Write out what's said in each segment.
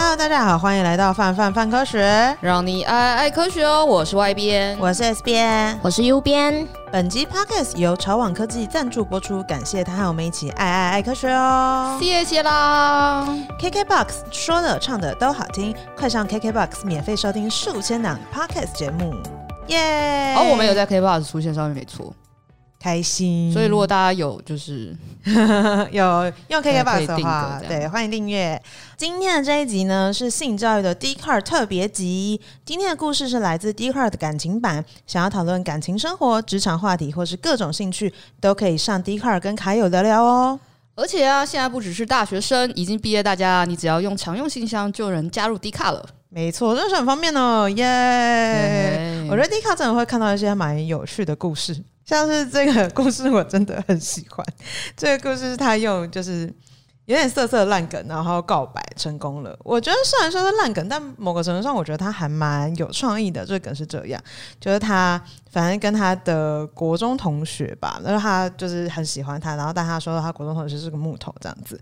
Hello，大家好，歡迎來到泛泛泛科學，讓你愛愛科學哦！我是 Y 編，我是 S 編，我是 U 編。本集 Podcast 由潮網科技贊助播出，感謝他和我們一起愛愛愛科學哦！謝謝啦！KKbox 說的唱的都好聽，快上 KKbox 免費收聽數千檔 Podcast 節目，耶、yeah!！哦，我們有在 KKbox 出現，稍微沒錯。開心，所以如果大家有就是 有用 K K Box 的話，對，歡迎訂閱。今天的這一集呢，是性教育的 D 卡特別集。今天的故事是來自 D 卡的感情版，想要討論感情生活、職場話題或是各種興趣，都可以上 D 卡跟卡友聊聊哦。而且啊，現在不只是大學生，已經畢業大家，你只要用常用信箱就能加入 D 卡了。沒錯，這是很方便哦，耶！嘿嘿，我覺得 D 卡真的會看到一些蠻有趣的故事。像是這個故事我真的很喜歡，這個故事是他用就是有點色色爛梗，然後告白成功了。我覺得雖然說是爛梗，但某個程度上我覺得他還蠻有創意的。這個梗是這樣，就是他反正跟他的國中同學吧，那他就是很喜歡他，然後但他說他國中同學是個木頭這樣子，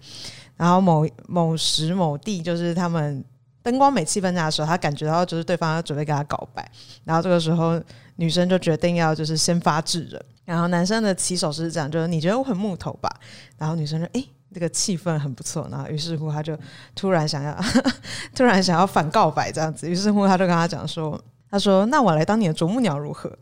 然後某某時某地就是他們。燈光美氣氛下的時候，他感覺到就是對方要準備給他告白，然後這個時候女生就決定要就是先發制人，然後男生的起手是這樣，就是你覺得我很木頭吧，然後女生說誒、欸，這個氣氛很不錯，然後於是乎他就突然想要呵呵，突然想要反告白這樣子，於是乎他就跟他講說，他說那我來當你的啄木鳥如何？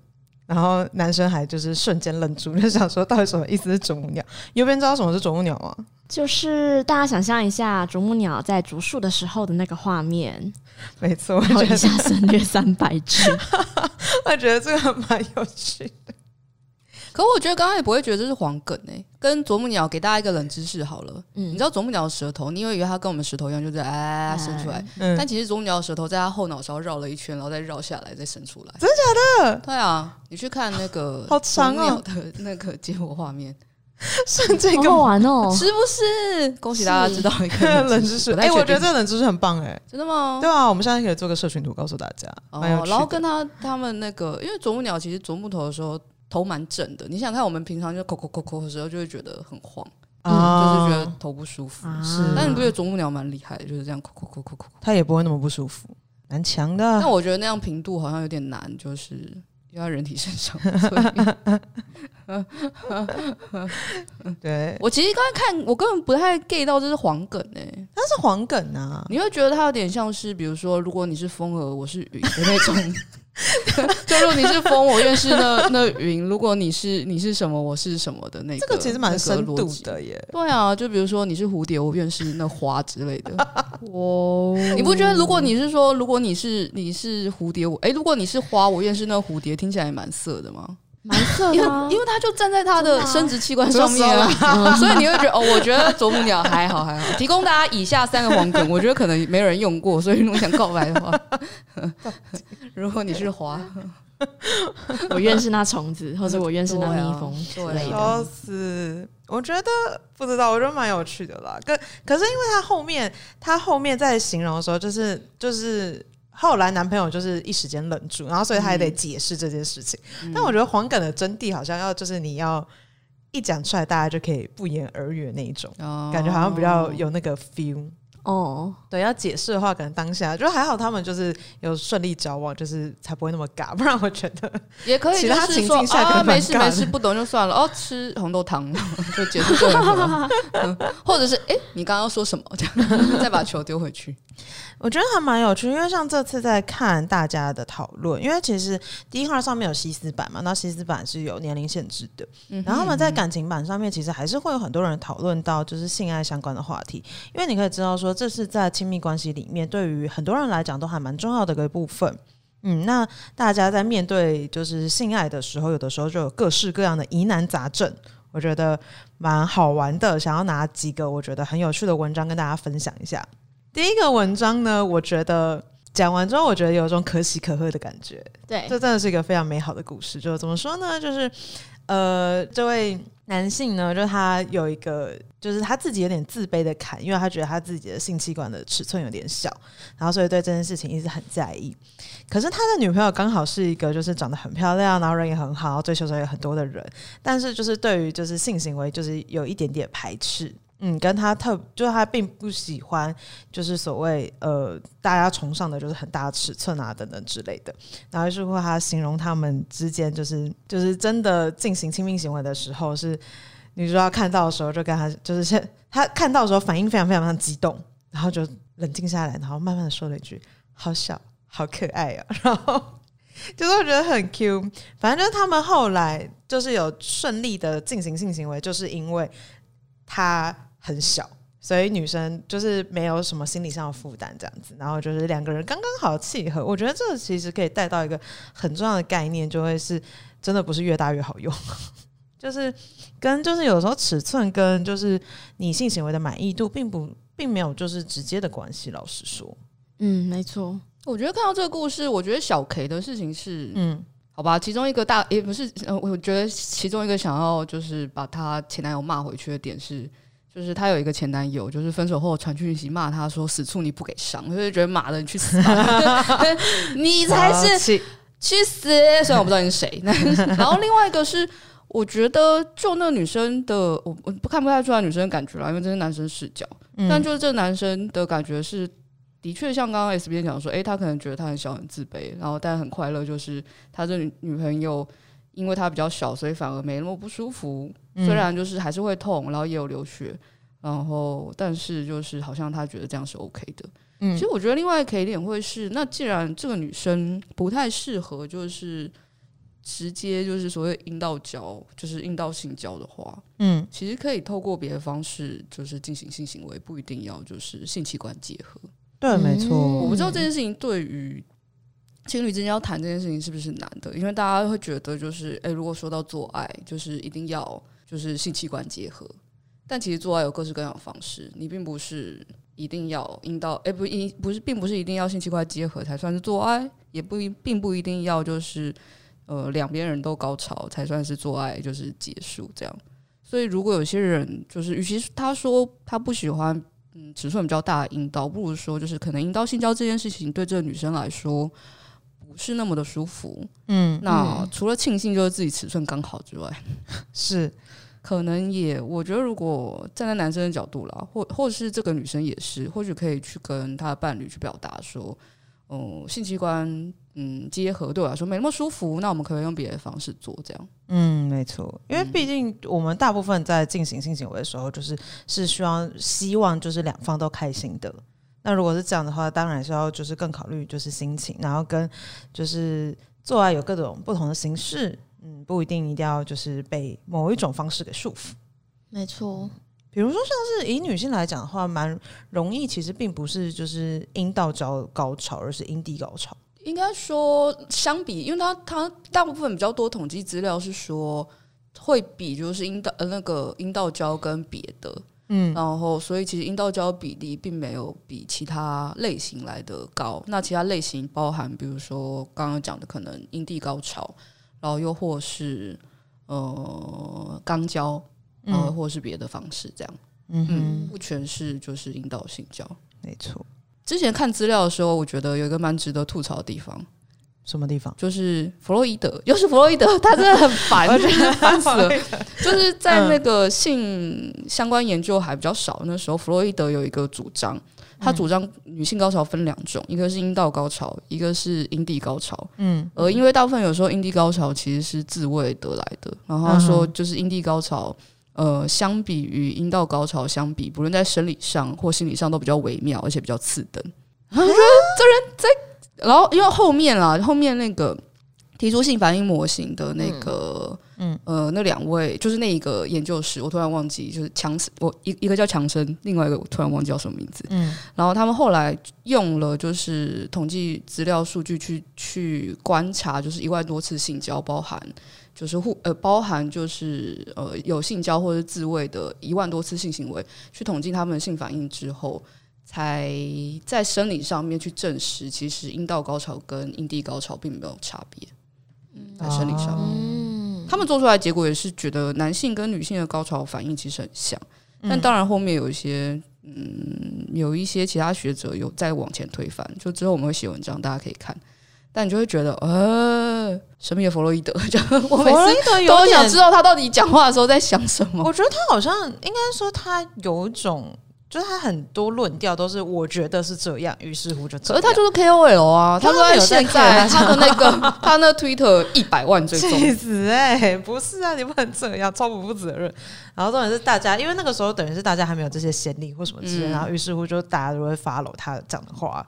然後男生還就是瞬間愣住，就想說到底什麼意思，是啄木鳥？右邊知道什麼是啄木鳥嗎、啊？就是大家想象一下，啄木鳥在啄樹的時候的那個畫面。沒錯，我覺得一下省略三百字， 我覺得這個很蠻有趣的。可我覺得剛剛也不會覺得這是黃梗哎、欸，跟啄木鳥給大家一個冷知識好了，嗯、你知道啄木鳥的舌頭，你以為，以為它跟我們舌頭一樣，就是啊、哎、伸出來，嗯、但其實啄木鳥的舌頭在它後腦勺繞了一圈，然後再繞下來再伸出來，真的假的？對啊，你去看那個好，好長哦、啊，的那個解剖畫面，甚 至、哦、好，好玩哦，是不是？恭喜大家知道一個冷知識，哎、 欸，我覺得這個冷知識很棒、欸，哎，真的嗎？對啊，我們現在可以做個社群圖告訴大家，哦，然後跟他他們那個，因為啄木鳥其實啄木頭的時候。頭蠻正的，你想看我們平常就摳摳摳摳的時候，就會覺得很晃、嗯嗯，就是覺得頭不舒服。是、啊，但你不覺得啄木鳥蠻厲害的？就是這樣摳摳摳摳摳它也不會那麼不舒服，蠻強的。但我覺得那樣頻度好像有點難，就是要在人體身上。所以 對， 我其實剛才看，我根本不太 get 到，這是黃梗哎、欸，它是黃梗啊。你會覺得它有點像是，比如說，如果你是風兒，我是雨的那種。 在轉 就如果你是風，我願是那那雲；如果你是，你是什麼，我是什麼的那個，這個其實蠻深度的耶、那個。對啊，就比如說你是蝴蝶，我願是那花之類的。哦、 oh，你不覺得如果你是說，如果你是你是蝴蝶，我哎、欸，如果你是花，我願是那蝴蝶，聽起來也蠻色的嗎？蠻、啊、因，因為他就站在他的生殖器官上面啊，啊，所以你會覺得哦，我覺得啄木鳥還好還好。 提供大家以下三個黃梗，我覺得可能沒有人用過，所以如果想告白的話， 如果你是花 我願是那蟲子，或者我願是那蜜蜂之類的，笑死，我覺得不知道，我覺得蠻有趣的啦。可可是因為他後面他後面在形容的時候、就是，就是就是。後來男朋友就是一時間冷住，然後所以他也得解釋這件事情，嗯嗯。但我覺得黃梗的真諦好像要就是你要一講出來，大家就可以不言而喻那一種，哦，感覺好像比較有那個 feel 哦。對，要解釋的話，可能當下就還好，他們就是有順利交往，就是才不會那麼尬，不然我覺得也可以是說，其實他情境下可，啊，沒事沒事，不懂就算了。哦，吃紅豆糖就解束了， 嗯，或者是哎，欸，你剛剛說什麼？這樣再把球丟回去。我覺得還蠻有趣，因為像這次在看大家的討論，因為其實 Dcard 上面有西斯版嘛，那西斯版是有年齡限制的，嗯、然後呢，他們在感情版上面其實還是會有很多人討論到就是性愛相關的話題，因為你可以知道說這是在親密關係裡面對於很多人來講都還蠻重要的一個部分，嗯，那大家在面對就是性愛的時候，有的時候就有各式各樣的疑難雜症，我覺得蠻好玩的，想要拿幾個我覺得很有趣的文章跟大家分享一下。第一個文章呢，我覺得講完之後，我覺得有一種可喜可賀的感覺。對，這真的是一個非常美好的故事。就怎麼說呢？就是，呃，這位男性呢，就他有一個，就是他自己有點自卑的坎，因為他覺得他自己的性器官的尺寸有點小，然後所以對這件事情一直很在意。可是他的女朋友剛好是一個，就是長得很漂亮，然後人也很好，追求者也很多的人，但是就是對於就是性行為，就是有一點點排斥。嗯，跟他特別就是他並不喜歡，就是所謂呃，大家崇尚的就是很大的尺寸啊等等之類的。然後如果他形容他們之間就是就是真的進行親密行為的時候，是女主角看到的時候就跟他就是現，他看到的時候反應非常非常非常激動，然後就冷靜下來，然後慢慢的說了一句“好小，好可愛啊！”然後就是我覺得很 Q，反正就是他們後來就是有順利的進行性行為，就是因為。他很小，所以女生就是沒有什麼心理上的負擔，這樣子，然後就是兩個人剛剛好契合。我覺得這其實可以帶到一個很重要的概念，就會是真的不是越大越好用， 就是跟就是有時候尺寸跟就是你性行為的滿意度並不並沒有就是直接的關係。老實說，嗯，沒錯。我覺得看到這個故事，我覺得小 K 的事情是嗯。好吧，其中一個大也、欸、不是、呃，我覺得其中一個想要就是把她前男友罵回去的點是，就是她有一個前男友，就是分手後傳訊息罵她說，死處你不給上，就是、覺得媽的你去死吧， 你才是去死。雖然我不知道你是誰，但是然後另外一個是，我覺得就那女生的，我我不看不太出來女生的感覺了，因為這是男生視角，嗯、但就是這男生的感覺是。的確，像剛剛 S B 講說，哎、欸，他可能覺得他很小，很自卑，然後但很快樂，就是他的女朋友，因為他比較小，所以反而沒那麼不舒服。嗯。雖然就是還是會痛，然後也有流血，然後但是就是好像他覺得這樣是 OK 的。嗯。其實我覺得另外一個點會是，那既然這個女生不太適合，就是直接就是所謂陰道交，就是陰道性交的話，嗯，其實可以透過別的方式，就是進行性行為，不一定要就是性器官結合。對、嗯，沒錯。我不知道這件事情對於情侶之間要談這件事情是不是難的，因為大家會覺得就是，哎、欸，如果說到做愛，就是一定要就是性器官結合，但其實做愛有各式各樣的方式，你並不是一定要陰道，哎、欸，不，一不是，並不是一定要性器官結合才算是做愛，也不一並不一定要就是呃兩邊人都高潮才算是做愛，就是結束這樣。所以如果有些人就是與其他說他不喜歡。嗯，尺寸比較大的陰道，不如說就是可能陰道性交這件事情對這個女生來說不是那麼的舒服。嗯，嗯，那除了慶幸就是自己尺寸剛好之外，是可能也我覺得，如果站在男生的角度啦，或、或者是這個女生也是，或許可以去跟她的伴侶去表達說，嗯、呃，性器官。嗯，結合對我、啊、來說沒那麼舒服，那我們可以用別的方式做這樣。嗯，沒錯，因為畢竟我們大部分在進行性行為的時候，就是是需要希望就是兩方都開心的。那如果是這樣的話，當然是要就是更考慮就是心情，然後跟就是做愛有各種不同的形式。嗯，不一定一定要就是被某一種方式給束縛。沒錯，嗯、比如說像是以女性來講的話，蠻容易，其實並不是就是陰道交高潮，而是陰蒂高潮。應該說，相比，因為它它大部分比較多統計資料是說，會比就是陰道呃那個陰道交跟別的，嗯，然後所以其實陰道交比例並沒有比其他類型來得高。那其他類型包含，比如說剛剛講的可能陰蒂高潮，然後又或是呃肛交，然後呃或是別的方式這樣，嗯，嗯不全是就是陰道性交，沒錯。之前看資料的時候，我覺得有一個蠻值得吐槽的地方，什麼地方？就是弗洛伊德，又是弗洛伊德，他真的很煩， 我覺得煩死了。 就是在那個性相關研究還比較少那時候，弗洛伊德有一個主張，他主張女性高潮分兩種，一個是陰道高潮，一個是陰蒂高潮。嗯，而因為大部分有時候陰蒂高潮其實是自慰得來的，然後他說就是陰蒂高潮。呃，相比於陰道高潮相比，不論在生理上或心理上都比較微妙，而且比較次等。我、啊、說、啊、這人在，然後因為後面啦，後面那個提出性反應模型的那個，嗯，嗯呃，那兩位就是那一個研究室，我突然忘記就是強森，我一一個叫強生，另外一個我突然忘記叫什麼名字。嗯，然後他們後來用了就是統計資料數據去去觀察，就是一萬多次性交包含。就是互呃，包含就是呃有性交或者自慰的一萬多次性行為，去統計他們的性反應之後，才在生理上面去證實，其實陰道高潮跟陰蒂高潮並沒有差別。嗯，在生理上面，啊嗯、他們做出來結果也是覺得男性跟女性的高潮反應其實很像。但當然後面有一些嗯有一些其他學者有在往前推翻，就之後我們會寫文章，大家可以看。但你就會覺得，呃、哦，神秘的弗洛伊德，就我每次都，弗洛伊德有都想知道他到底講話的時候在想什麼。我覺得他好像應該說他有種，就是他很多論調都是我覺得是這樣，於是乎就這樣。可是他就是 KOL 啊，他說、啊、現在、啊、他的那個， 他那 Twitter 一百萬最重。其實哎，不是啊，你不能這樣超不負責任。然後重點是大家，因為那個時候等於是大家還沒有這些先例或什麼之類，嗯、然後於是乎就大家都會 follow 他講的話。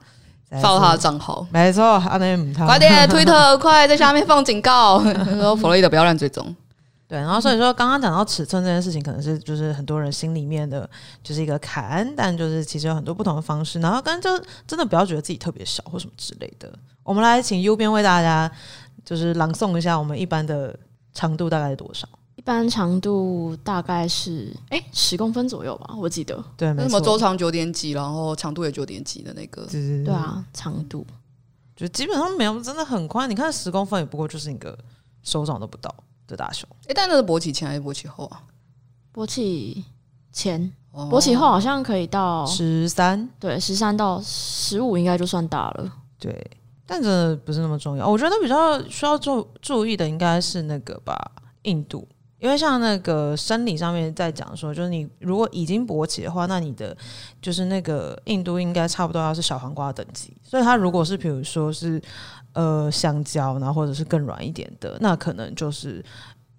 爆他的賬號，沒錯，阿德，快點， 推特，快在下面放警告，說弗洛伊德不要亂追蹤。對，然後所以說剛剛講到尺寸這件事情，可能是就是很多人心裡面的就是一個坎、嗯，但就是其實有很多不同的方式。然後跟就真的不要覺得自己特別小或什麼之類的。我們來請右邊為大家就是朗誦一下，我們一般的長度大概是多少？一般長度大概是哎十公分左右吧，我記得對，沒錯，那什麼周長九點幾，然後長度也九點幾的那個，對啊，長度、嗯、就基本上沒有，真的很寬。你看十公分也不過就是一個手掌都不到的大小。誒、欸，但那是勃起前還是勃起後啊？勃起前，勃起後好像可以到十三、哦，對，十三到十五應該就算大了。對，但這不是那麼重要。我覺得比較需要注注意的應該是那個吧，硬度。因為像那個生理上面在講說，就是你如果已經勃起的話，那你的就是那個硬度應該差不多要是小黃瓜的等級。所以它如果是比如說是呃香蕉，然後或者是更軟一點的，那可能就是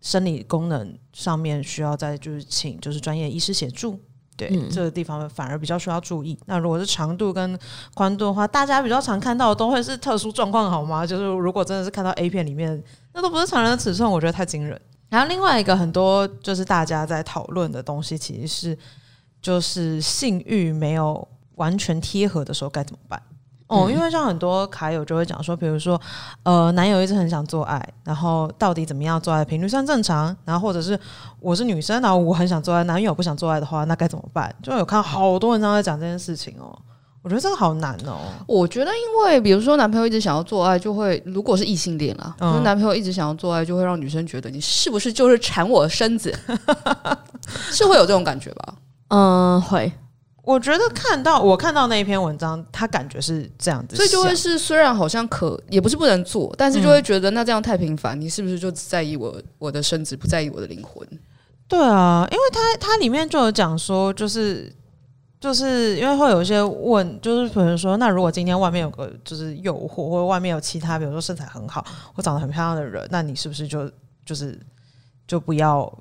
生理功能上面需要再就是請就是專業醫師協助。對，嗯，這個地方反而比較需要注意。那如果是長度跟寬度的話，大家比較常看到的都會是特殊狀況，好嗎？就是如果真的是看到 A 片裡面，那都不是常人的尺寸，我覺得太驚人。然後另外一個很多就是大家在討論的東西，其實是就是性慾沒有完全貼合的時候該怎麼辦？哦，嗯，因為像很多卡友就會講說，比如說呃，男友一直很想做愛，然後到底怎麼樣做愛的頻率算正常？然後或者是我是女生，然後我很想做愛，男友不想做愛的話，那該怎麼辦？就有看好多人正在講這件事情哦。我覺得這個好難哦。我覺得，因為比如說，男朋友一直想要做愛，就會如果是異性戀啊，嗯、是男朋友一直想要做愛，就會讓女生覺得你是不是就是饞我的身子， 是會有這種感覺吧？嗯，會。我覺得看到我看到那一篇文章，他感覺是這樣子，所以就會是雖然好像可也不是不能做，但是就會覺得那這樣太頻繁，嗯，你是不是就只在意我我的身子，不在意我的靈魂？對啊，因為它它裡面就有講說，就是。就是因為會有一些問，就是可能說，那如果今天外面有個就是誘惑，或者外面有其他，比如說身材很好或長得很漂亮的人，那你是不是就就是就不要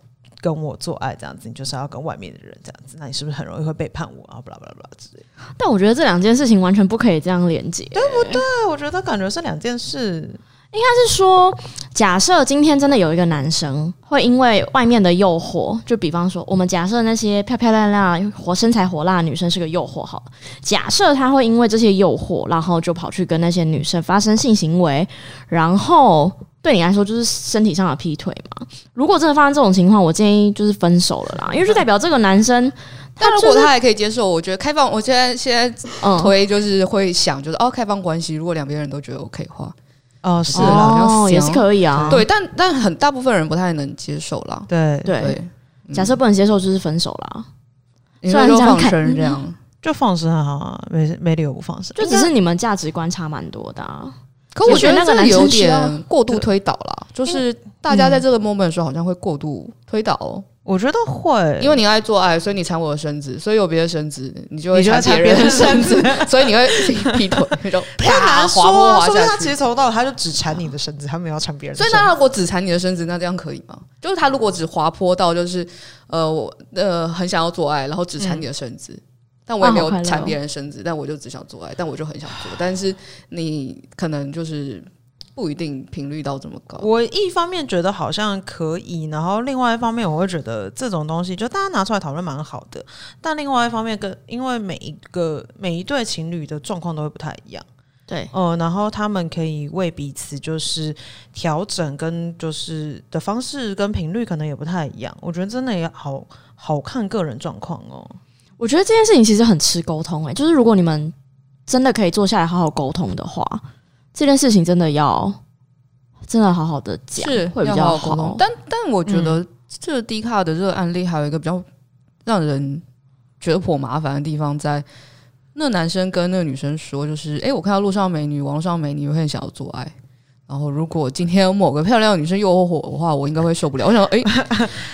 跟我做愛這樣子？你就是要跟外面的人這樣子？那你是不是很容易會背叛我啊？不 l a h b l 之類。但我覺得這兩件事情完全不可以這樣連接，對不對？我覺得感覺是兩件事。應該是說，假設今天真的有一個男生會因為外面的誘惑，就比方說，我們假設那些漂漂亮亮身材火辣的女生是個誘惑好，好假設他會因為這些誘惑，然後就跑去跟那些女生發生性行為，然後對你來說就是身體上的劈腿嘛。如果真的發生這種情況，我建議就是分手了啦，因為就代表這個男生。嗯就是、但如果他還可以接受，我覺得開放，我現在現在嗯推就是會想，嗯、就是哦，開放關係，如果兩邊人都覺得 OK 的話。哦，是啦哦要，也是可以啊。對，但但很大部分人不太能接受啦。對對，對，假設不能接受，就是分手啦。雖然這樣，這、嗯、樣就放生啊。沒沒理由不放生。就只是你們價值觀差蠻多的、啊。可我覺得那個男生有點過度推導了，就是大家在這個 moment 的時候，好像會過度推導、哦。我覺得會，因為你愛做愛，所以你纏我的身子，所以有別的身子，你就會纏別人的身子，的身子 所以你會 劈腿那種。他 滑坡滑坡，我說他其實從頭到尾他就只纏你的身子，他沒有要纏別人的身子。所以那如果只纏你的身子，那這樣可以嗎？就是他如果只滑坡到就是呃我呃很想要做愛，然後只纏你的身子，嗯、但我也沒有纏別人的身子，但我就只想做愛，但我就很想做，啊、但是你可能就是。不一定頻率到這麼高。我一方面覺得好像可以，然後另外一方面我會覺得這種東西就大家拿出來討論蠻好的。但另外一方面，跟因為每一個每一對情侶的狀況都會不太一樣，對，哦、呃，然後他們可以為彼此就是調整跟就是的方式跟頻率，可能也不太一樣。我覺得真的也好好看個人狀況哦。我覺得這件事情其實很吃溝通、欸，哎，就是如果你們真的可以坐下來好好溝通的話。這件事情真的要，真的好好的講，是會比較好溝通。但但我覺得這 Dcard 的這個案例還有一個比較讓人覺得頗麻煩的地方在，在那男生跟那個女生說，就是哎，我看到路上美女，網上美女，我很想要做愛。然後，如果今天有某個漂亮的女生誘惑的話，我應該會受不了。我想說，哎、欸，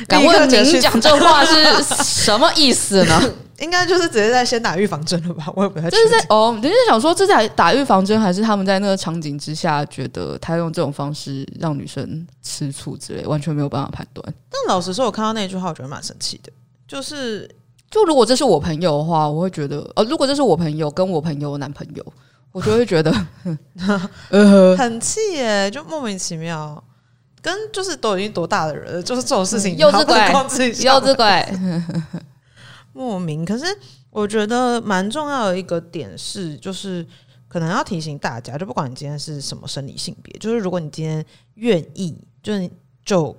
敢問您講這話是什麼意思呢？ 應該就是直接在先打預防針了吧？我也不太……就是在哦，等於是想說這是在打預防針，還是他們在那個場景之下覺得他用這種方式讓女生吃醋之類，完全沒有辦法判斷。但老實說，我看到那句話，我覺得蠻生氣的。就是，就如果這是我朋友的話，我會覺得，呃、哦，如果這是我朋友跟我朋友的男朋友。我就會覺得， 很氣耶，就莫名其妙，跟就是都已經多大的人了，就是這種事情幼稚鬼，幼稚鬼，稚 莫名。可是我覺得蠻重要的一個點是，就是可能要提醒大家，就不管你今天是什麼生理性別，就是如果你今天願意，就是就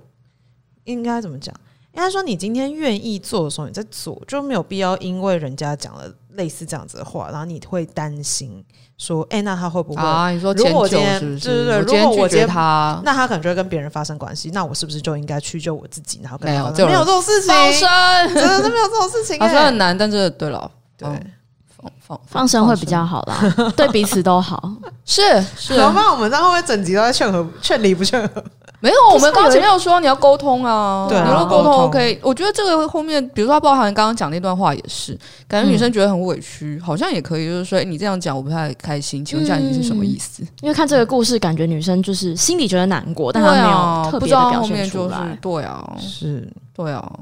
應該怎麼講？應該說你今天願意做的時候，你在做就沒有必要因為人家講了。類似這樣子的話，然後你會擔心說：“哎、欸，那他會不會？”啊，你說如果我今天對對，如果我拒絕他，那他可能就會跟別人發生關係。那我是不是就應該屈就我自己？然後跟沒有就沒有這種事情，放生真的是沒有這種事情、欸。好、啊、像很難，但是對了，對、哦、放放放，放生會比較好啦， 對彼此都好。是是何曼，然後然我們在後面整集都在勸和勸離不勸和。沒有，我們剛才沒有說你要溝通啊，你要溝通、啊、OK。我覺得這個後面，比如說他包含剛剛講那段話也是，感覺女生覺得很委屈、嗯，好像也可以，就是說，你這樣講我不太開心，請問一下你是什麼意思、嗯？因為看這個故事，感覺女生就是心裡覺得難過，但她沒有特別的表現出來。對啊，就是、對啊是，對啊。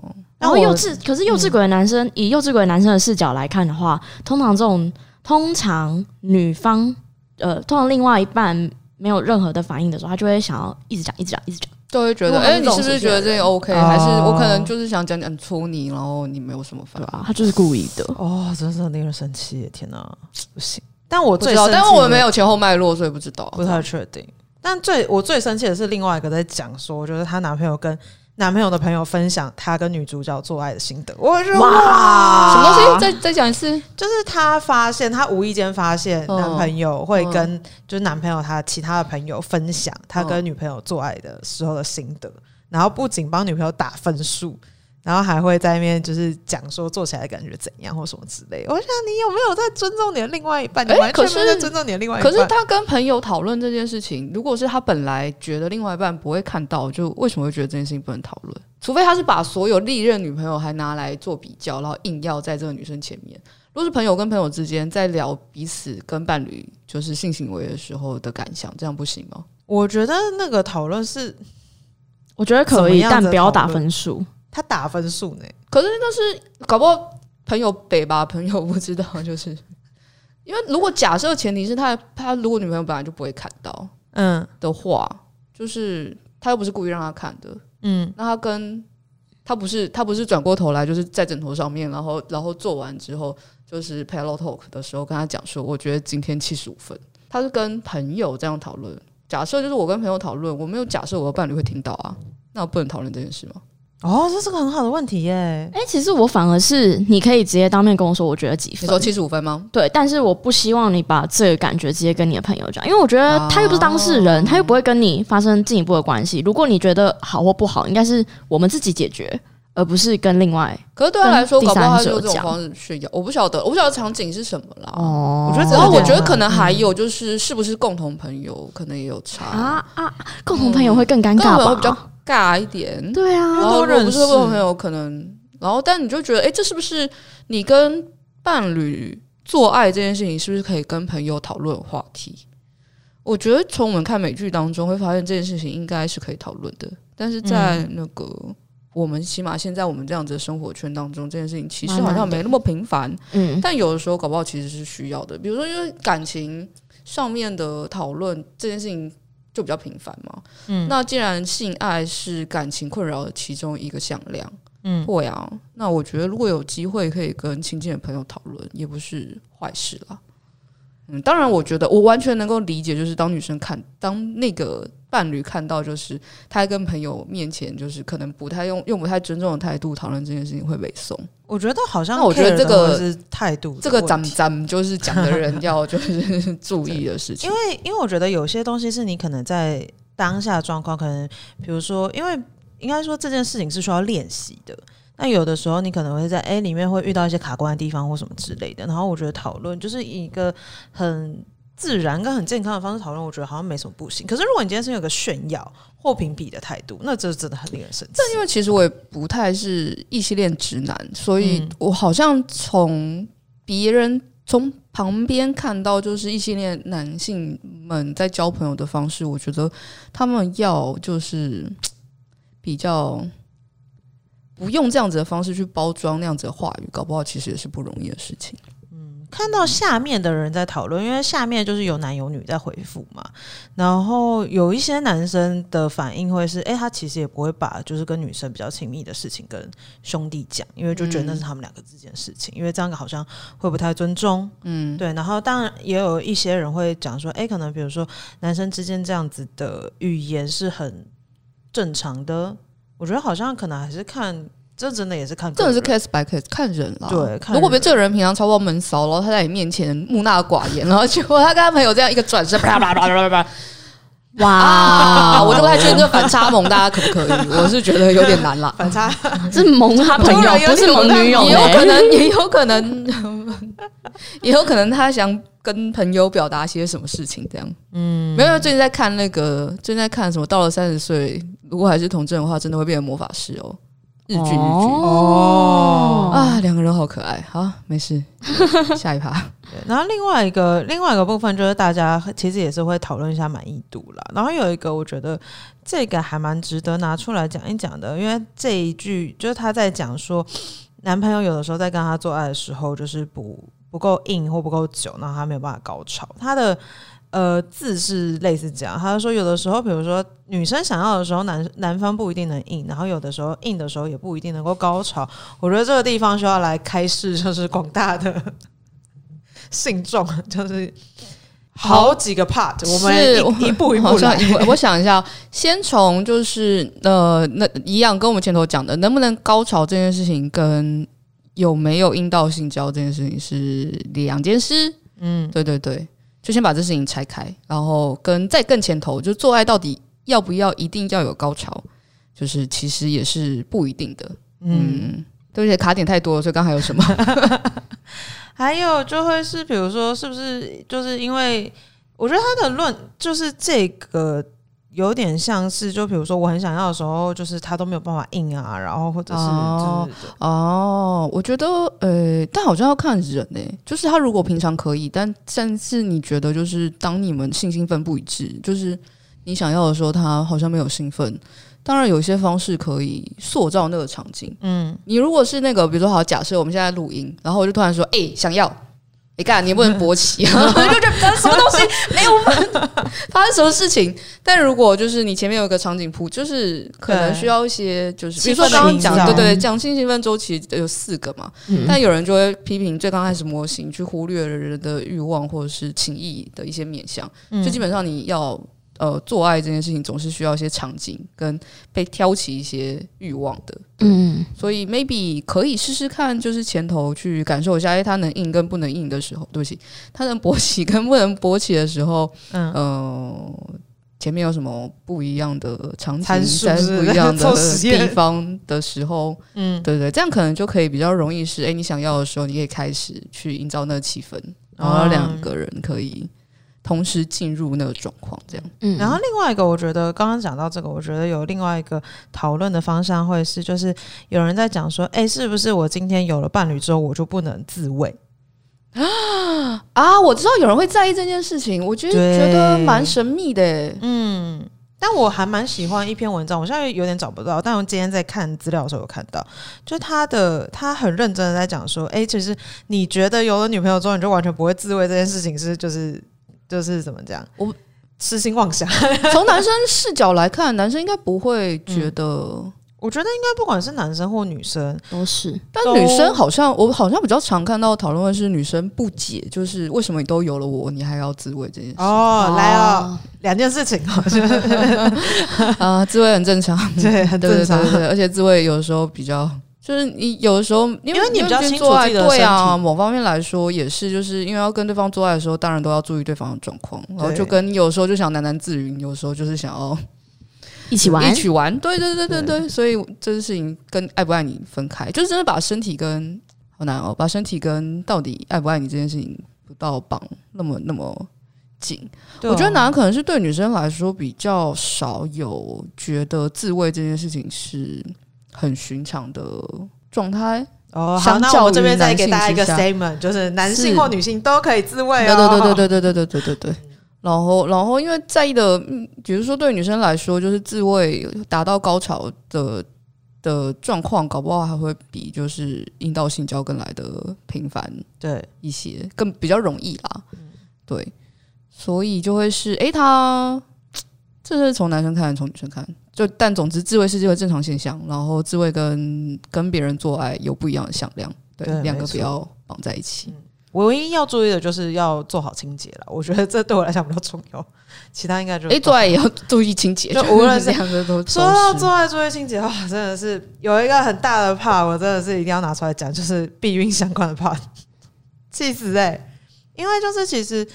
然後幼稚，可是幼稚鬼的男生、嗯、以幼稚鬼的男生的視角來看的話，通常這種通常女方呃，通常另外一半。沒有任何的反應的時候，他就會想要一直講、一直講、一直講，就會覺得，哎，你是不是覺得這個 OK？、哦、還是我可能就是想講講搓你、哦，然後你沒有什麼反應對、啊？他就是故意的，哦，真是很令人生氣！天哪，不行！但我最……知道，但我沒有前後脈絡，所以不知道，不太確定。但最我最生氣的是另外一個在講說，我覺得她男朋友跟。男朋友的朋友分享他跟女主角做愛的心得，我說哇，什麼東西？再再講一次，就是他發現他無意間發現男朋友會跟，就是男朋友他其他的朋友分享他跟女朋友做愛的時候的心得，然後不僅幫女朋友打分數。然後還會在那邊就是講說做起來的感覺怎樣或什麼之類。我想你有沒有在尊重你的另外一半？你完全沒有在尊重你的另外一半。欸，可是，可是他跟朋友討論這件事情，如果是他本來覺得另外一半不會看到，就為什麼會覺得這件事情不能討論？除非他是把所有歷任女朋友還拿來做比較，然後硬要在這個女生前面。如果是朋友跟朋友之間在聊彼此跟伴侶就是性行為的時候的感想，這樣不行嗎？我覺得那個討論是討論，我覺得可以，但不要打分數。他打分數呢？可是那是搞不好，朋友北吧？朋友不知道，就是因為如果假設前提是他，他如果女朋友本來就不會看到，嗯，的話，就是他又不是故意讓他看的，嗯，那他跟他不是他不是轉過頭來就是在枕頭上面，然後然後做完之後就是 pillow talk 的時候跟他講說，我覺得今天七十五分。他是跟朋友這樣討論，假設就是我跟朋友討論，我沒有假設我的伴侶會聽到啊，那我不能討論這件事嗎？哦，這是個很好的問題耶！誒、欸，其實我反而是你可以直接當面跟我說，我覺得幾分？你說七十五分嗎？對，但是我不希望你把這個感覺直接跟你的朋友講，因為我覺得他又不是當事人，啊、他又不會跟你發生進一步的關係。如果你覺得好或不好，應該是我們自己解決，而不是跟另外跟。可是對他來說，搞不好他就有這種方式炫耀。我不曉得，我不曉得場景是什麼啦。哦，我覺得，我覺得可能還有就是，是不是共同朋友、嗯、可能也有差啊，啊共、嗯！共同朋友會更尷尬吧？尬一點，對啊。然後我不是問朋友，可能，然後，但你就覺得，哎、欸，這是不是你跟伴侶做愛這件事情，是不是可以跟朋友討論話題？我覺得從我們看美劇當中會發現，這件事情應該是可以討論的。但是在那個我們起碼現在我們這樣子的生活圈當中，嗯、這件事情其實好像沒那麼頻繁滿滿。嗯。但有的時候搞不好其實是需要的，比如說因為感情上面的討論，這件事情。就比較頻繁嘛。嗯，那既然性愛是感情困擾的其中一個向量，嗯，會啊。那我覺得如果有機會可以跟親近的朋友討論，也不是壞事啦。嗯，當然，我覺得我完全能夠理解，就是當女生看，當那個伴侶看到，就是他跟朋友面前，就是可能不太用用不太尊重的態度討論這件事情會被送。我覺得好像，我覺得這個是態度，這個咱們咱們就是講的人要就是注意的事情。 因為因為我覺得有些東西是你可能在當下狀況，可能比如說，因為應該說這件事情是需要練習的。那有的時候你可能會在 A 裡面會遇到一些卡關的地方或什麼之類的，然後我覺得討論就是以一個很自然跟很健康的方式討論，討論我覺得好像沒什麼不行。可是如果你今天是有個炫耀或評比的態度，那這真的很令人生氣。但因為其實我也不太是異性戀直男，所以我好像從別人從旁邊看到就是異性戀男性們在交朋友的方式，我覺得他們要就是比較。不用這樣子的方式去包裝那樣子的話語，搞不好其實也是不容易的事情。嗯，看到下面的人在討論，因為下面就是有男有女在回復嘛，然後有一些男生的反應會是：哎、欸，他其實也不會把就是跟女生比較親密的事情跟兄弟講，因為就覺得那是他們兩個之間的事情、嗯，因為這樣子好像會不太尊重。嗯，對。然後當然也有一些人會講說：哎、欸，可能比如說男生之間這樣子的語言是很正常的。我覺得好像可能還是看這，真的也是看，真的是 case by case 看人了。對，看人。如果別這個人平常超爆悶騷，然後他在你面前木訥寡言，然後結果他跟他朋友這樣一個轉身，啪啪啪啪啪啪，哇！我就不太覺得這反差萌，大家可不可以？ 我是覺得有點難啦。反差是萌他朋友，不是萌女友。有可能，也有可能，也有可能， 也有可能他想跟朋友表達些什麼事情這樣。嗯，沒有，最近在看那個，最近在看什麼？到了三十歲。如果還是童真的話，真的會變成魔法師哦。日劇，日劇哦啊，兩個人好可愛好，沒事， 下一趴。對，然後另外一個另外一個部分就是大家其實也是會討論一下滿意度啦。然後有一個我覺得這個還蠻值得拿出來講一講的，因為這一句就是他在講說，男朋友有的時候在跟他做愛的時候就是不不夠硬或不夠久，然後他沒有辦法高潮，他的。呃，字是類似這樣。他說，有的時候，比如說女生想要的時候，男男方不一定能硬，然後有的時候硬的時候，也不一定能夠高潮。我覺得這個地方需要來開示，就是廣大的信眾，就是好幾個 part。我們一，是我一步一步來。我，我想一下，先從就是呃，那一樣跟我們前頭講的，能不能高潮這件事情，跟有沒有陰道性交這件事情是兩件事。嗯，對對對。就先把這事情拆開，然後跟在更前頭，就做愛到底要不要一定要有高潮，就是其實也是不一定的，嗯，而、嗯、且卡點太多，所以剛還有什麼？ 還有就會是，比如說是不是就是因為我覺得他的論就是這個。有點像是，就比如說我很想要的時候，就是他都沒有辦法應啊，然後或者是哦、啊就是啊，我覺得呃、欸，但好像要看人呢、欸，就是他如果平常可以，但但是你覺得就是當你們性興奮不一致，就是你想要的時候他好像沒有興奮。當然，有些方式可以塑造那個場景。嗯，你如果是那個，比如說好，假設我們現在錄音，然後我就突然說，哎、欸，想要。你、欸、幹？你不能勃起、啊？我就覺得什麼東西沒有、欸、發生什麼事情。但如果就是你前面有一個場景鋪，就是可能需要一些，就是比如說剛剛講，對對，對，講性興奮周期有四個嘛、嗯。但有人就會批評最剛開始模型去忽略了人的欲望或者是情慾的一些面向、嗯，就基本上你要。呃，做愛這件事情總是需要一些場景跟被挑起一些欲望的，嗯，所以 maybe 可以試試看，就是前頭去感受一下，哎，他能硬跟不能硬的時候，對不起，他能勃起跟不能勃起的時候，嗯，呃，前面有什麼不一樣的場景，在不，不一樣的地方的時候，嗯，對，對對，這樣可能就可以比較容易是，哎、欸，你想要的時候，你可以開始去營造那個氣氛，嗯，然後兩個人可以同時進入那個狀況，這樣。嗯，然後另外一個，我覺得剛剛講到這個，我覺得有另外一個討論的方向會是，就是有人在講說，哎、欸，是不是我今天有了伴侶之後，我就不能自慰啊？啊，我知道有人會在意這件事情，我覺得蠻神秘的。嗯，但我還蠻喜歡一篇文章，我現在有點找不到，但我今天在看資料的時候有看到，就他的他很認真的在講說，哎、欸，其實你覺得有了女朋友之後，你就完全不會自慰這件事情是就是。就是怎麼講，我痴心妄想。從男生視角來看， 男生應該不會覺得。嗯、我覺得應該不管是男生或女生都是，但女生好像我好像比較常看到討論的是女生不解，就是為什麼你都有了我，你還要自慰這件事哦來哦，啊，兩件事情 啊，自慰很正常，對，很正常，對、對、對，而且自慰有時候比較。就是你有的時候，因為你們之間做愛，的對啊，某方面來說也是，就是因為要跟對方做愛的時候，當然都要注意對方的狀況。然後就跟有時候就想喃喃自語，有時候就是想要一起玩，一起玩。對對對對對,對，所以這件事情跟愛不愛你分開，就是真的把身體跟好難哦，把身體跟到底愛不愛你這件事情不到綁那麼那麼緊。我覺得男的可能是對女生來說比較少有覺得自慰這件事情是。很尋常的狀態哦。好，那我這邊再給大家一個 statement，就是男性或女性都可以自慰哦。對對對對對對對對對對，對、嗯。然後，然後因為在意的，比如說對女生來說，就是自慰達到高潮的的狀況，搞不好還會比就是陰道性交更來的頻繁，對一些更比較容易啦、嗯。對，所以就會是，哎，他這是從男生看，還是從女生看？就但總之自慰是這個正常現象，然後自慰跟跟別人做愛有不一樣的響亮，對，兩個不要綁在一起。嗯、我唯一要注意的就是要做好清潔了，我覺得這對我來講比較重要。其他應該就誒，做愛、欸、對也要注意清潔，就無論是兩個都說到做愛注意清潔的話，真的是有一個很大的 part、嗯，我真的是一定要拿出來講，就是避孕相關的 part，氣 死嘞、欸！因為就是其實。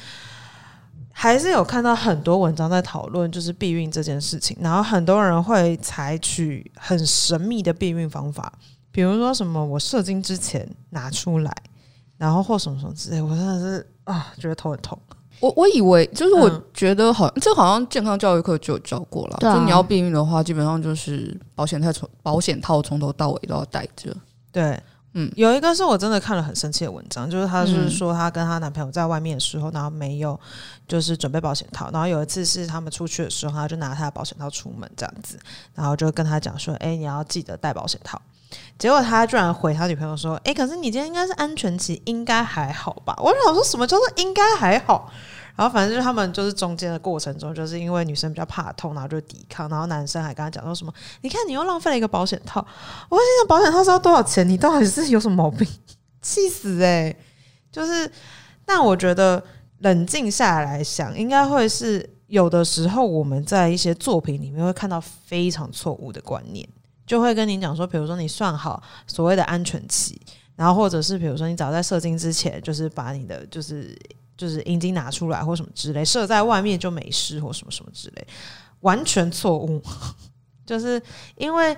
還是有看到很多文章在討論就是避孕這件事情，然後很多人會採取很神秘的避孕方法，比如說什麼我射精之前拿出來，然後或什麼什麼之類，我真的是啊，覺得頭很痛。我我以為就是我覺得好像、嗯，這好像健康教育課就有教過了、啊，就你要避孕的話，基本上就是保險套從保險套從頭到尾都要戴着。對。有一個是我真的看了很生氣的文章，就是她是說她跟她男朋友在外面的時候，然後沒有就是準備保險套，然後有一次是他們出去的時候，他就拿他的保險套出門這樣子，然後就跟他講說，哎、欸，你要記得帶保險套，結果他居然回他女朋友說，哎、欸，可是你今天應該是安全期，應該還好吧？我想說什麼叫做應該還好？然後反正就是他們就是中間的過程中，就是因為女生比較怕痛，然後就抵抗，然後男生還跟他講說：“什麼？你看你又浪費了一個保險套。”我心想：“保險套是要多少錢？”你到底是有什麼毛病？氣死誒、欸！就是，那我覺得冷靜下來想，應該會是有的時候我們在一些作品裡面會看到非常錯誤的觀念，就會跟你講說，比如說你算好所謂的安全期，然後或者是比如說你早在射精之前，就是把你的就是。就是陰莖拿出來或什麼之類，射在外面就沒事或什麼什麼之類，完全錯誤。 就是因為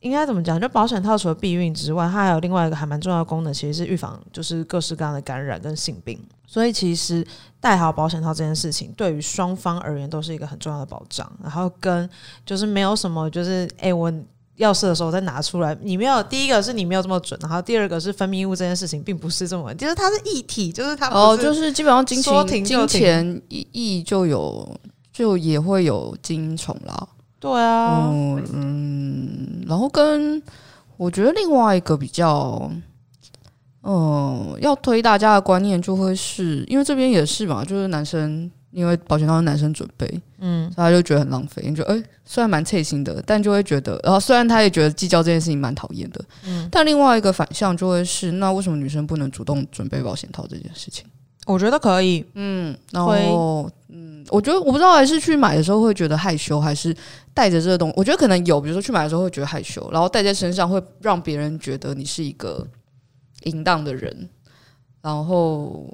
應該怎麼講，就保險套除了避孕之外，它還有另外一個還蠻重要的功能，其實是預防就是各式各樣的感染跟性病。所以其實戴好保險套這件事情，對於雙方而言都是一個很重要的保障。然後跟就是沒有什麼，就是誒、欸、我。要射的時候再拿出來，你沒有，第一個是你沒有這麼準，然後第二個是分泌物這件事情並不是這麼，就是它是一體，就是它是哦，就是基本上金錢停停金錢一就有就也會有精蟲啦，對啊嗯，嗯，然後跟我覺得另外一個比較，嗯，要推大家的觀念就會是因為這邊也是嘛，就是男生。因為保險套是男生準備，嗯，所以他就覺得很浪費。你就，哎、欸，雖然蠻貼心的，但就會覺得，然後雖然他也覺得計較這件事情蠻討厭的，嗯，但另外一個反向就會是，那為什麼女生不能主動準備保險套這件事情？我覺得可以，嗯，然後，嗯，我覺得我不知道，還是去買的時候會覺得害羞，還是帶着這個東西，我覺得可能有，比如說去買的時候會覺得害羞，然後帶在身上會讓別人覺得你是一個淫蕩的人，然後。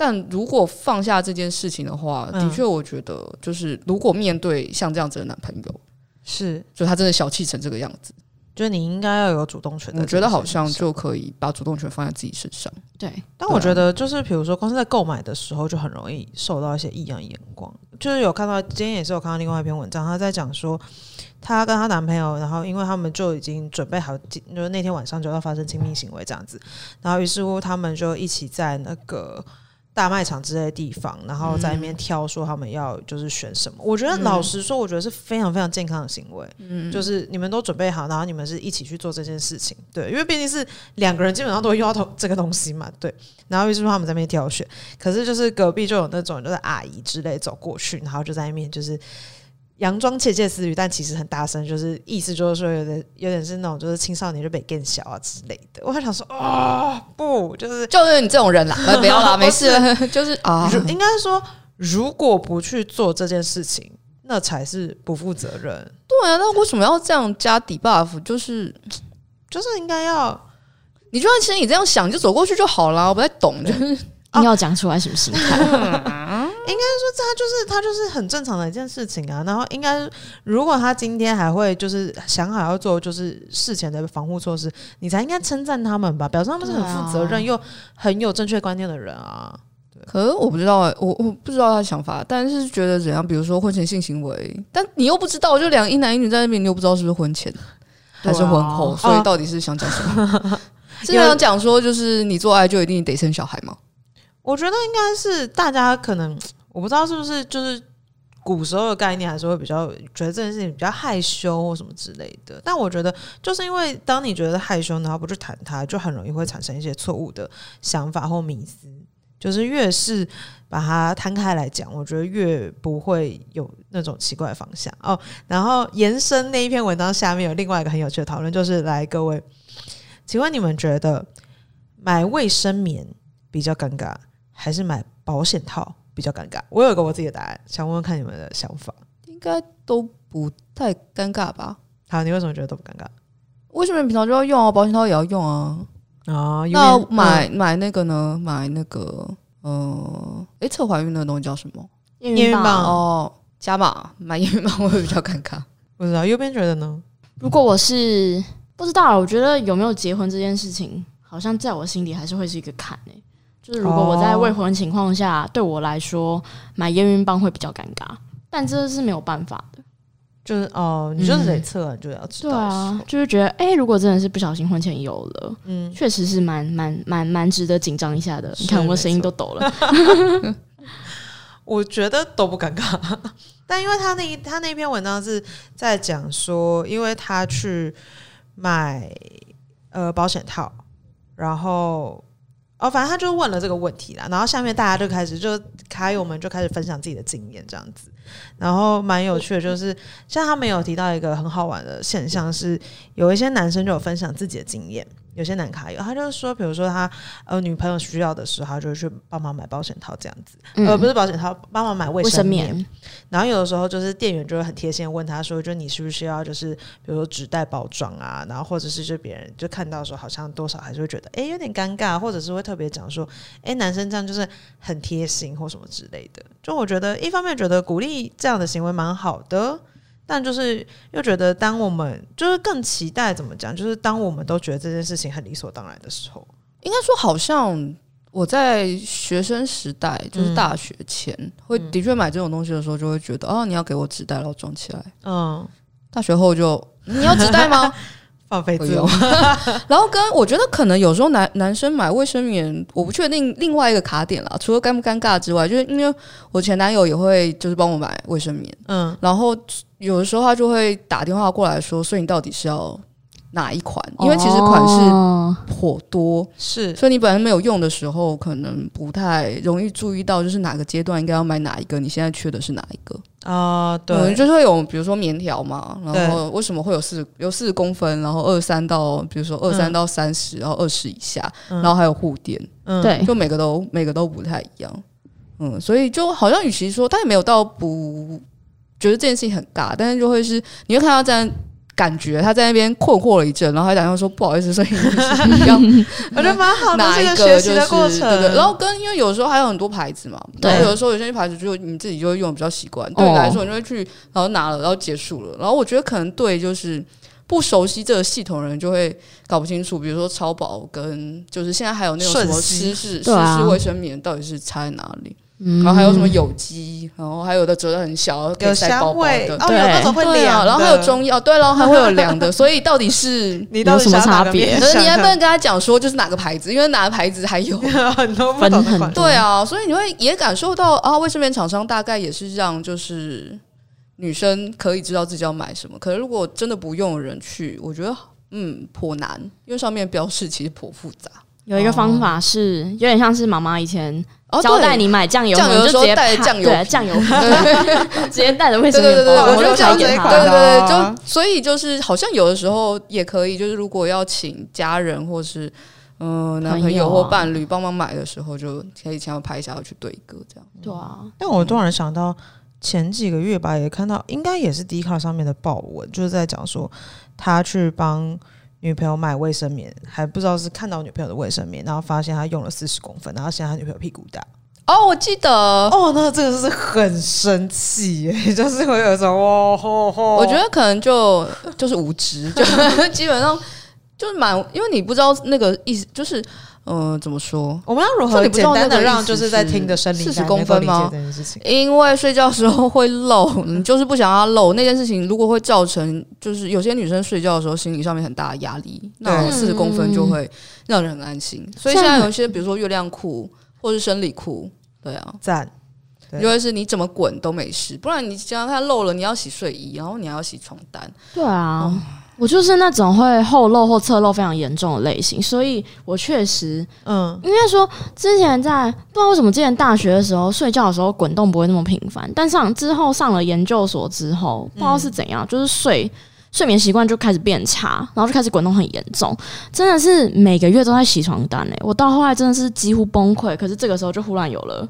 但如果放下這件事情的話，嗯、的確，我覺得就是如果面對像這樣子的男朋友，是，就他真的小氣成這個樣子，就是你應該要有主動權在。我覺得好像就可以把主動權放在自己身上。對，但我覺得就是比如說，光是在購買的時候就很容易受到一些異樣眼光。就是有看到今天也是有看到另外一篇文章，她在講說她跟她男朋友，然後因為他們就已經準備好，就是那天晚上就要發生親密行為這樣子，然後於是乎他們就一起在那個。大賣場之類的地方，然後在那邊挑，說他們要就是選什麼。嗯、我覺得老實說，我覺得是非常非常健康的行為。嗯，就是你們都準備好，然後你們是一起去做這件事情，對，因為畢竟是兩個人，基本上都會用到這個東西嘛，對。然後就是他們在那邊挑選，可是就是隔壁就有那種就是阿姨之類走過去，然後就在那邊就是。佯裝竊竊私語，但其實很大聲，就是意思就是說，有點有點是那種，就是青少年就被變小啊之類的。我還想說哦，不，就是就是你這種人啦，不要啦， 沒事，就是啊，應該說，如果不去做這件事情，那才是不負責任。對啊，那為什麼要這樣加 debuff？就是就是應該要，你就算其實你這樣想，你就走過去就好了。我不太懂，就是你要講出來是不是？ 應該說，他就是他就是很正常的一件事情啊。然後，應該如果他今天還會就是想好要做就是事前的防護措施，你才應該稱讚他們吧，表示他們是很負責任又很有正確觀念的人啊。對，可是我不知道、欸，我我不知道他的想法，但是覺得怎樣？比如說婚前性行為，但你又不知道，就兩一男一女在那邊，你又不知道是不是婚前還是婚後，啊、所以到底是想講什麼？這樣講說，就是你做愛就一定得生小孩嗎？我覺得應該是大家可能。我不知道是不是就是古時候的概念還是會比較覺得這件事情比較害羞或什麼之類的，但我覺得就是因為當你覺得害羞，然後不去談它，就很容易會產生一些錯誤的想法或迷思。就是越是把它攤開來講，我覺得越不會有那種奇怪的方向哦。然後延伸那一篇文章下面有另外一個很有趣的討論，就是來各位，請問你們覺得買衛生棉比較尷尬，還是買保險套比較尷尬，我有一個我自己的答案，想問問看你們的想法，應該都不太尷尬吧？好，你為什麼覺得都不尷尬？為什麼平常就要用啊？保險套也要用啊？啊、哦，要買、嗯、買那個呢？買那個，呃，誒、欸，測懷孕的東西叫什麼？驗孕棒哦，加碼買驗孕棒會不會比較尷尬， 不知道、啊、右邊覺得呢？如果我是不知道，我覺得有沒有結婚這件事情，好像在我心裡還是會是一個坎誒、欸。就是如果我在未婚情況下、哦，對我來說買驗孕棒會比較尷尬，但這是沒有辦法的。就是哦，你就是得測、啊，嗯、你就要知道。對啊，就是覺得哎、欸，如果真的是不小心婚前有了，嗯，確實是蠻蠻蠻蠻值得緊張一下的。你看我聲音都抖了。 我覺得都不尷尬，但因為他那一，他那篇文章是在講說，因為他去買呃保險套，然後。哦，反正他就問了這個問題啦，然後下面大家就開始就卡友們就開始分享自己的經驗這樣子，然後蠻有趣的，就是像他們有提到一個很好玩的現象，是有一些男生就有分享自己的經驗。有些男卡友，他就是說，比如說他呃女朋友需要的時候，他就去幫忙買保險套這樣子，嗯、呃不是保險套，幫忙買衛生棉。然後有的時候就是店員就會很貼心的問他說，就你需不需要就是比如說紙袋包裝啊，然後或者是就別人就看到的時候好像多少還是會覺得哎、欸、有點尷尬，或者是會特別講說哎、欸、男生這樣就是很貼心或什麼之類的。就我覺得一方面覺得鼓勵這樣的行為蠻好的。但就是又覺得，當我們就是更期待怎麼講？就是當我們都覺得這件事情很理所當然的時候，應該說，好像我在學生時代，嗯、就是大學前會的確買這種東西的時候，就會覺得、嗯、哦，你要給我紙袋，然後裝起來。嗯，大學後就你要紙袋嗎？放飛自我。哎、 然後跟我覺得，可能有時候男男生買衛生棉，我不確定另外一個卡點啦，除了尷不尷尬之外，就是因為我前男友也會就是幫我買衛生棉。嗯，然後。有的時候他就會打電話過來說：“所以你到底是要哪一款？哦、因為其實款式頗多，是所以你本來沒有用的時候，可能不太容易注意到，就是哪個階段應該要買哪一個。你現在缺的是哪一個啊、哦？對，嗯、就是會有比如說棉條嘛，然後為什麼會有四有四十公分，然後二三到比如說二三到三十、嗯，然後二十以下，然後還有護墊，對、嗯，就每個都每個都不太一樣。嗯，所以就好像與其說，他也沒有到不。”覺得這件事情很尬，但是就會是你會看到這樣感覺，他在那邊困惑了一陣，然後還假裝說不好意思，所以一樣， 你我覺得蠻好的。的一個、就是這個、學習的過程？對對對然後跟因為有時候還有很多牌子嘛，對。然後有的時候有些牌子就你自己就會用比較習慣，對,對然後來說你就會去然後拿了，然後結束了、哦。然後我覺得可能對就是不熟悉這個系統的人就會搞不清楚，比如說超薄跟就是現在還有那種什麼濕式濕式衛生棉到底是差在哪裡？嗯、然後還有什麼有機，然後還有的折得很小，可以塞包包的。對啊，那種會然後還有中藥，對然後還會有涼的。 所以到底是你到底有什麼差別？可是你還不能跟他講說，就是哪個牌子？因為哪個牌子還有，有很多分對啊，所以你會也感受到啊，衛生棉廠商大概也是讓就是女生可以知道自己要買什麼。可是如果真的不用的人去，我覺得嗯頗難，因為上面標示其實頗複雜。有一個方法是，有點像是媽媽以前交代你買醬油，哦，你就 直接帶醬油，醬油直接帶著衛生棉。對對對，我就這一塊對對對，就所以就是，好像有的時候也可以，就是如果要請家人或是嗯、呃啊、男朋友或伴侶幫忙買的時候，就可以先要拍一下，要去對歌個這樣。對啊、嗯，但我突然想到前幾個月吧，也看到應該也是 D 卡上面的報文，就是在講說他去幫。女朋友買衛生棉，還不知道是看到女朋友的衛生棉，然後發現她用了四十公分，然後現在她女朋友屁股大。哦，我記得，哦，那這個是很生氣，耶，就是會有時候、哦、吼吼。我覺得可能就就是無知，就 基本上就是蠻，因為你不知道那個意思，就是。嗯、呃，怎麼說？我們要如何，這裡不簡單的讓就是在聽的生理四十公分嗎？因為睡覺的時候會漏， 你就是不想要漏那件事情，如果會造成就是有些女生睡覺的時候心理上面很大的壓力，那四十公分就會讓人很安心。所以現在有一些比如說月亮褲或是生理褲，對啊，讚，因為是你怎麼滾都沒事，不然你只要它漏了，你要洗睡衣，然後你還要洗床單，對啊。嗯我就是那種會後漏後側漏非常嚴重的類型，所以我確實，嗯，應該說之前在不知道為什麼之前大學的時候睡覺的時候滾動不會那麼頻繁，但是、啊、之後上了研究所之後不知道是怎樣，嗯、就是睡睡眠習慣就開始變差，然後就開始滾動很嚴重，真的是每個月都在洗床單哎、欸，我到後來真的是幾乎崩潰，可是這個時候就忽然有了。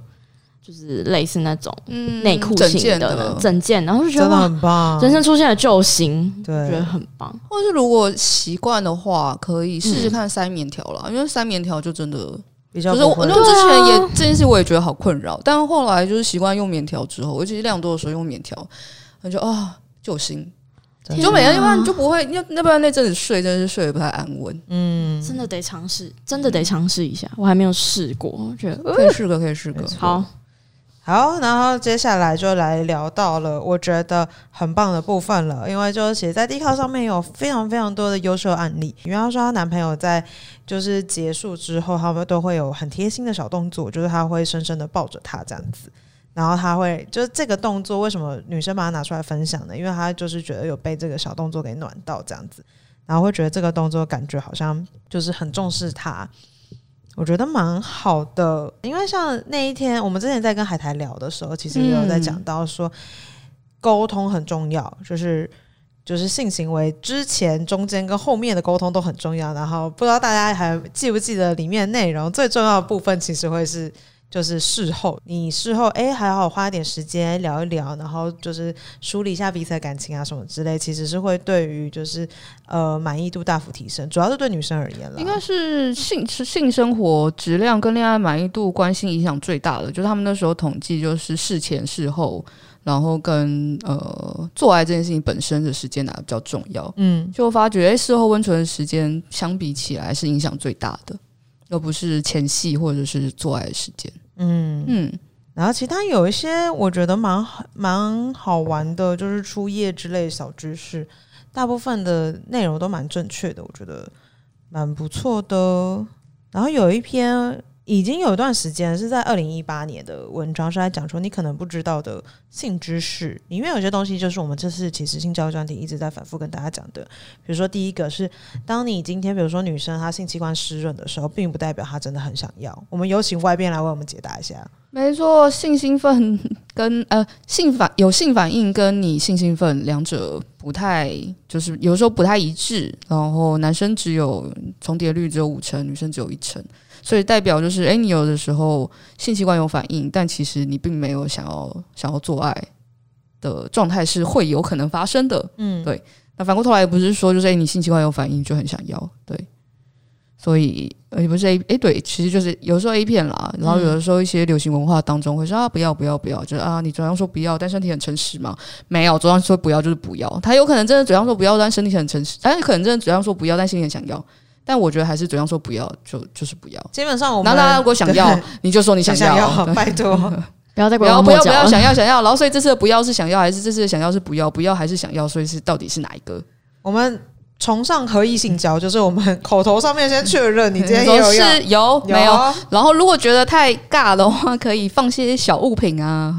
就是類似那種內褲型的，嗯，整件，的整件，的整件的，然後就覺得很棒，人生出現了救星。對我覺得很棒。或者是如果習慣的話，可以試試看塞棉條了，嗯，因為塞棉條就真的比較的。就是我，啊，就之前也這件事，我也覺得好困擾，嗯，但後來就是習慣用棉條之後，尤其是量多的時候用棉條，我覺啊，哦，救星，啊，就每天用就不會，要要那不然那陣子睡真的是睡得不太安穩。嗯，真的得嘗試，真的得嘗試一下，嗯，我還沒有試過，我覺得可以試個，可以試個，好。好，然後接下來就來聊到了我覺得很棒的部分了，因為就寫在 Dcard 上面有非常非常多的優秀案例。比方說，她男朋友在就是結束之後，他們都會有很貼心的小動作，就是他會深深的抱着她這樣子，然後他會就是這個動作為什麼女生把它拿出來分享呢？因為她就是覺得有被這個小動作給暖到這樣子，然後會覺得這個動作感覺好像就是很重視她。我覺得蠻好的，因為像那一天我們之前在跟海苔聊的時候，其實也有在講到說，嗯，溝通很重要，就是就是性行為之前、中間跟後面的溝通都很重要。然後不知道大家還記不記得裡面內容，最重要的部分其實會是。就是事後，你事後哎、欸、還好，花點時間聊一聊，然後就是梳理一下彼此的感情啊什麼之類，其實是會對於就是呃滿意度大幅提升，主要是對女生而言了。應該是性是性生活質量跟戀愛滿意度關係影響最大的，就是他們那時候統計就是事前事後，然後跟呃做愛這件事情本身的時間哪個比較重要？嗯，就我發覺哎、欸、事後溫存的時間相比起來是影響最大的，又不是前戲或者是做愛的時間。嗯嗯，然後其他有一些我覺得蠻好蠻好玩的，就是初夜之類小知識，大部分的內容都蠻正確的，我覺得蠻不錯的。然後有一篇。已經有一段時間是在二零一八年的文章是在講說你可能不知道的性知識，裡面有些東西就是我們這次其實性教育專題一直在反覆跟大家講的。比如說，第一個是當你今天比如說女生她性器官濕潤的時候，並不代表她真的很想要。我們有請外邊來為我們解答一下。沒錯，性興奮跟呃性反有性反應跟你性興奮兩者不太就是有時候不太一致，然後男生只有重疊率只有五成，女生只有一成。所以代表就是，哎、欸，你有的時候性器官有反應，但其實你並沒有想要想要做愛的狀態是會有可能發生的，嗯，對。那反過頭來不是說，就是、欸、你性器官有反應就很想要，對。所以也不是 A，哎、欸，對，其實就是有時候 A 片啦、嗯，然後有的時候一些流行文化當中會說啊不要不要不要，就是啊你嘴上說不要，但身體很誠實嘛，沒有，嘴上說不要就是不要，他有可能真的嘴上說不要，但身體很誠實，但、哎、是可能真的嘴上說不要，但心裡很想要。但我覺得還是嘴上說不要就就是不要。基本上我們，然後大家如果想要，你就說你想要，想要拜託，不要再摸摸不要不要，不要想要想要，想要。然後所以這次的不要是想要，還是這次的想要是不要不要還是想要？所以是到底是哪一個？我們崇尚合意性交，就是我們口頭上面先確認你今天有有，有沒有。然後如果覺得太尬的話，可以放些小物品啊。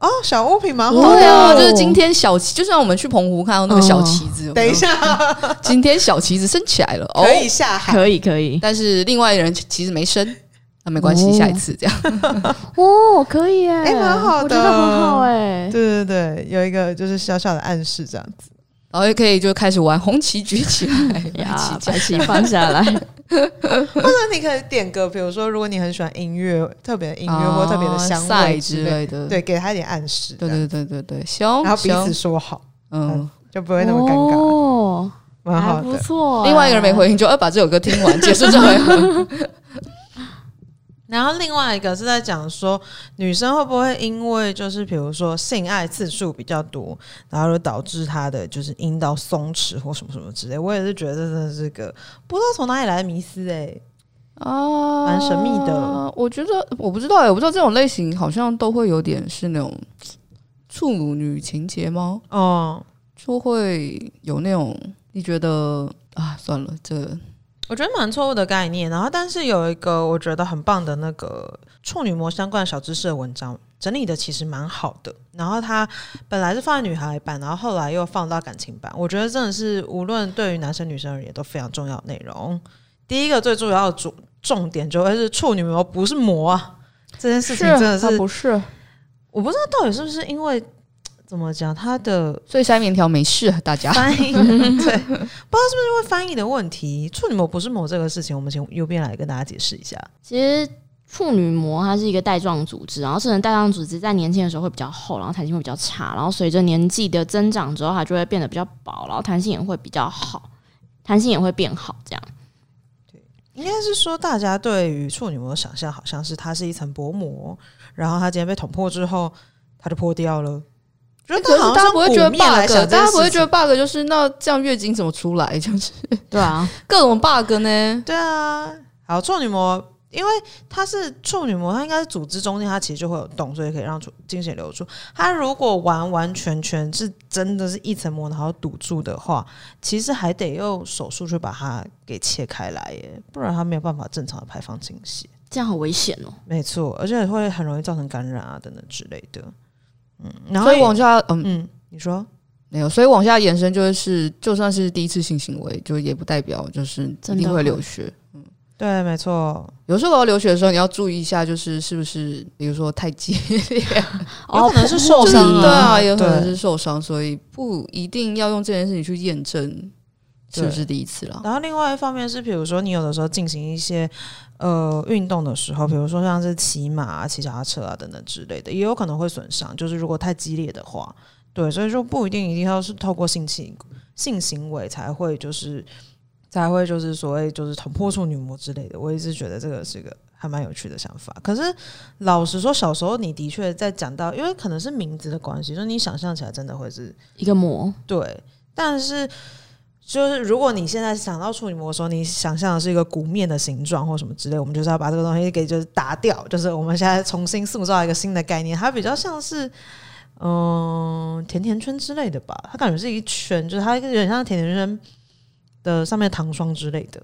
哦，小物品蠻好的對哦、啊，就是今天小旗，就像我們去澎湖看到那個小旗子有有、哦。等一下，今天小旗子升起來了，可以下海，可以可以。但是另外一個人其實沒升，那沒關係、哦，下一次這樣。哦，可以誒哎，蠻、欸、好的，真的很好哎。對對對，有一個就是小小的暗示這樣子。然後也可以就開始玩紅旗舉起來呀，紅旗放下來， 或者你可以點歌，比如說如果你很喜歡音樂，特別的音樂或特別的香味之類、哦、之類的，對，給他一點暗示，對對對對對，行，然後彼此說好，嗯，嗯，就不會那麼尷尬，哦，蠻好的，不錯、啊。另外一個人沒回應就，就、欸、要把這首歌聽完，結 束這回。 然後另外一個是在講說，女生會不會因為就是比如說性愛次數比較多，然後就導致她的就是陰道鬆弛或什麼什麼之類，我也是覺得這個不知道從哪裡來的迷思誒。啊，蠻神秘的。我覺得我不知道哎、欸，我不知道這種類型好像都會有點是那種處女情節嗎？哦、嗯，就會有那種？你覺得啊？算了，這。我覺得蠻錯誤的概念，然後但是有一個我覺得很棒的那個處女膜相關小知識的文章整理的其實蠻好的，然後它本來是放在女孩版，然後後來又放到感情版，我覺得真的是無論對於男生女生而言都非常重要的內容。第一個最重要的主重點就是處女膜不是膜啊，這件事情真的是，是啊，不是？我不知道到底是不是因為。怎麼講？它的所以塞棉條沒事，大家。翻譯，對，不知道是不是因為翻譯的問題。處女膜不是膜這個事情，我們請右邊來跟大家解釋一下。其實處女膜它是一個帶狀組織，然後這種帶狀組織在年輕的時候會比較厚，然後彈性會比較差，然後隨着年紀的增長之後，它就會變得比較薄，然後彈性也會比較好，彈性也會變好。這樣對，應該是說大家對於處女膜的想象好像是它是一層薄膜，然後它今天被捅破之後，它就破掉了。就是大家不會覺得 bug，大家不會覺得 bug，就是那這樣月經怎麼出來這樣子？就是對啊，各種 bug 呢？對啊，好，有處女膜，因為它是處女膜，它應該是組織中間，它其實就會有洞，所以可以讓經血流出。它如果完完全全是真的是一層膜，然後堵住的話，其實還得用手術去把它給切開來耶，不然它沒有辦法正常的排放經血。這樣很危險哦！沒錯，而且會很容易造成感染啊等等之類的。嗯，然後，所以往下，嗯嗯，你說沒有？所以往下延伸，就是就算是第一次性行為，就也不代表就是一定會流血哦。嗯，對，沒錯。有時候流血的時候，你要注意一下，就是是不是，比如說太激烈，有，哦，可能是受傷哦。對啊，有可能是受傷，所以不一定要用這件事情去驗證是不是第一次了。然後另外一方面是，比如說你有的時候進行一些。呃，運動的時候，比如說像是騎馬啊、騎腳踏車啊等等之類的，也有可能會損傷，就是如果太激烈的話，對，所以說不一定一定要是透過性情性行為才會就是才會就是所謂就是捅破處女膜之類的。我一直覺得這個是一個還蠻有趣的想法。可是老實說，小時候你的確在講到，因為可能是名字的關係，就你想象起來真的會是一個膜，對，但是。就是如果你現在想到處女膜的時候，說你想象的是一個鼓面的形狀或什麼之類，我們就是要把這個東西給就是打掉，就是我們現在重新塑造一個新的概念，它比較像是嗯、呃、甜甜圈之類的吧，它感覺是一圈，就是它有點像甜甜圈的上面的糖霜之類的，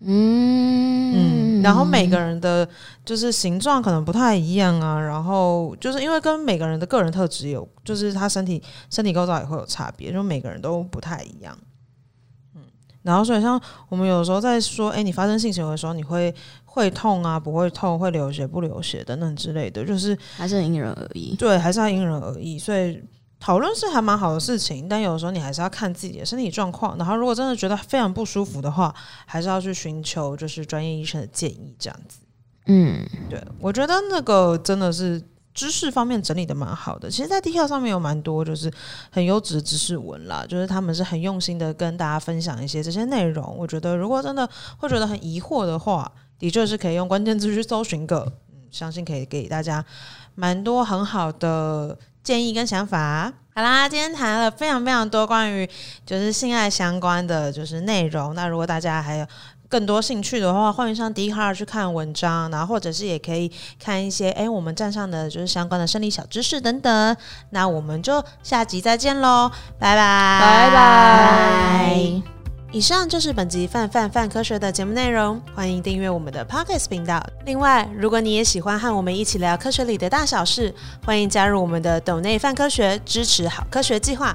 嗯，嗯，然後每個人的就是形狀可能不太一樣啊，然後就是因為跟每個人的個人特質有，就是他身體身體構造也會有差別，就是每個人都不太一樣。然後，所以像我們有時候在說，哎，你發生性行為的時候，你會會痛啊，不會痛，會流血不流血等等之類的，就是還是因人而異。對，還是要因人而異。所以討論是還蠻好的事情，但有時候你還是要看自己的身體狀況。然後，如果真的覺得非常不舒服的話，還是要去尋求就是專業醫生的建議。這樣子，嗯，對，我覺得那個真的是。知識方面整理的蠻好的，其實，在 Dcard 上面有蠻多，就是很優質的知識文啦，就是他們是很用心的跟大家分享一些這些內容。我覺得如果真的會覺得很疑惑的話，的確是可以用關鍵字去搜尋個，嗯，相信可以給大家蠻多很好的建議跟想法。好啦，今天談了非常非常多關於就是性愛相關的就是內容，那如果大家還有。更多興趣的話，歡迎上 Dcard 去看文章，然後或者是也可以看一些，哎，我們站上的就是相關的生理小知識等等。那我們就下集再見嘍，拜拜拜拜！以上就是本集《泛泛泛科學》的節目內容。歡迎訂閱我們的 Podcast 頻道。另外，如果你也喜歡和我們一起聊科學裡的大小事，歡迎加入我們的抖內泛科學支持好科學計劃。